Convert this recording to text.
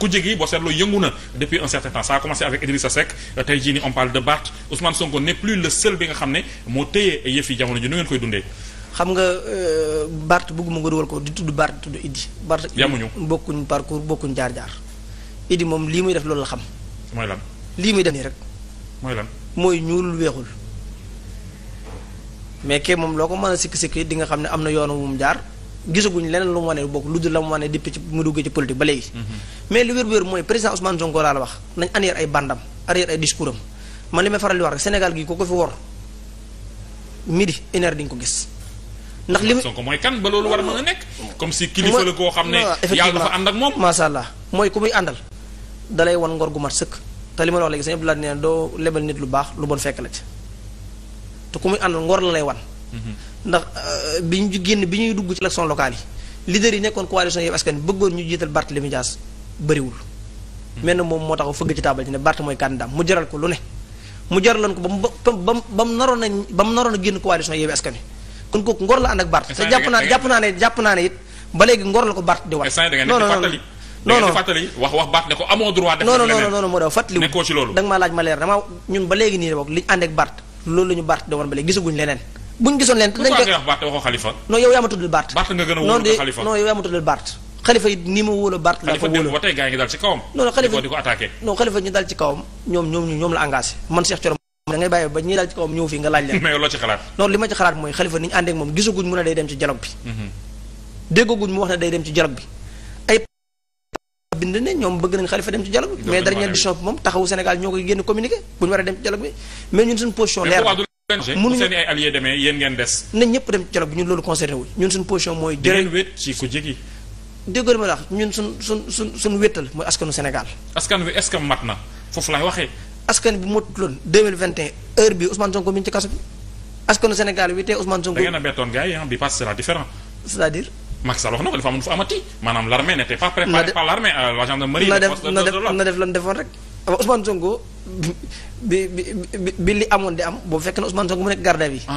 kujje gi boo seetloo yëngu na depuis un certain temps ça a commencé avec Idrissa Seck tey jii ni on parle de Barth Ousmane Sonko plus le seul bi nga xam ne moo téye yëf yi jamono ji nu ngeen koy dundee. xam nga euh, Barth bëgguma nga dugal ko di tudd Barth tudd Idi. Barth yamuñu bokkuñ parcours bokkuñ jaar jaar. Idi moom lii muy def loolu la xam. mooy lan lii muy def nii rek. mooy lan mooy ñuulul weexul. mais ke moom loo ko mën a sikki sikki di nga xam ne am na yoon wu mu jaar. gisaguñ leneen lu mu wane bokk lu dul la mu wane depuis ci mu duggee ci politique ba léegi. mais li wér-wér mooy président Ousmane Sonko laa la wax nañ arrière ay bandam arrière ay discours man li may faral di wax rek gi ko ko fi wor midi une heure ko gis. ndax li Sonko mooy kan ba loolu war comme si kilifa la koo xam ne. yàlla dafa ànd ak moom mooy ku muy àndal. dalay wan ngor gu mat sëkk te li ma la wax léegi sëñ Abdoulaye doo lebal nit lu baax lu bon fekk la ci te ku muy àndal ngor la lay wan. ndax euh, bi ñu génn bi ñuy dugg ci élection locale yi leader yi nekkoon coalition Yewwi Askan Wi bëggoon ñu jiital Barthélémy Dias bëriwul hmm. mel na moom moo tax fëgg ci taabal ci ne Barth mooy candidat mu jaral ko lu ne mu jaraloon ko ba mu ba ba naroon a ba génn coalition Yewwi Askan Wi naa jàpp naa ne jàpp naa ne ko Barth di wax non non moo daw fàttali nekkoo ci loolu da nga laaj ma leer dama ñun ba léegi nii rek li ñu ànd ak loolu la ñu Barth di woon ba léegi leneen buñ gisoon leen. dañ koy wax Barth waxoo Khalifa. non yow yaa ma tuddal Barth. Barth nga gën a wóolu Khalifa non yow yaa ma tuddal Barth. Khalifa yi ni ma wóolu Barth laa ko wóolu Khalifa ba tey gaa ngi dal ci kawam. non non Khalifa di ko attaqué. non Khalifa ñu dal ci kawam ñoom ñoom ñoom la engagé man Cheikh Thioro da ngay bàyyi ba ñi dal ci kawam ñëw fii nga laaj leen. mais loo ci xalaat. non li ma ci xalaat mooy Khalifa ni ñu àndeek moom gisaguñ mu ne day dem ci dialogue bi. Mhm. déggaguñ mu wax ne day dem ci dialogue bi. bind ne ñoom bëgg nañ xalifa dem ci dialogue bi mais dernière décision bi moom taxawu Sénégal ñoo koy génn communiqué bu ñu war a dem ci dialogue bi mais ñun suñu position leer mënuñu seen ay alliés demee yéen ngeen des. nañ ñëpp dem dialogue bi ñun loolu concerné wu ñun suñu position mooy. jërë ngeen wét ci ku jéggi. déggoo ma wax ñun suñ suñ suñ suñu wétal mooy askanu Sénégal. askan wi est-ce que mat na foofu laay waxee. askan bi motuloon deux mille vingt et un heure bi Ousmane Sonko mi ngi ci kaso bi askanu Sénégal bi tey Ousmane Sonko. da ngeen a bettoon gars yi bi passe sera différent. c'est-à-dire. Macky Sall wax na ko dafa amoon fa amati maanaam l'armée n'était pas préparée par l'armée euh, la gendarmerie. na def na def lan defoon rek Ousmane Sonko bi bi bi li amoon de am boo fekk na Ousmane Sonko mu nekk garde bi